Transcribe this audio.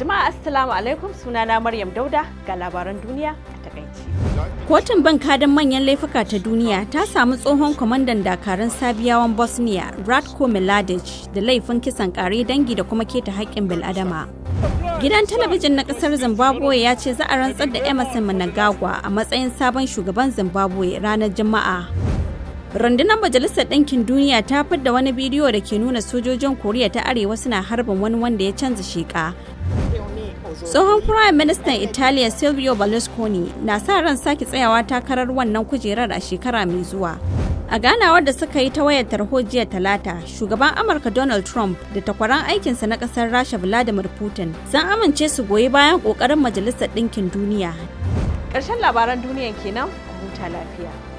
Jama'a Assalamu alaikum sunana Maryam Dauda ga labaran duniya a takaici. Kotun banka don manyan laifuka ta duniya ta samu tsohon kwamandan dakarun Sabiyawan Bosnia Ratko Miladic da laifin kisan kare dangi da kuma keta haƙƙin bil'adama. Gidan talabijin na ƙasar Zimbabwe ya ce za a rantsar da Emerson Mnangagwa a matsayin sabon shugaban Zimbabwe ranar Juma'a. Rundunar Majalisar Ɗinkin Duniya ta fidda wani bidiyo da ke nuna sojojin Koriya ta Arewa suna harbin wani wanda ya canza sheka. tsohon prime minister italiya silvio berlusconi na sa ran sake tsayawa takarar wannan kujerar a shekara mai zuwa a ganawar da suka yi ta wayar tarho jiya talata shugaban amurka donald trump da takwaran aikinsa na kasar rasha vladimir putin sun amince su goyi bayan kokarin majalisar ɗinkin duniya ƙarshen labaran duniya kenan huta lafiya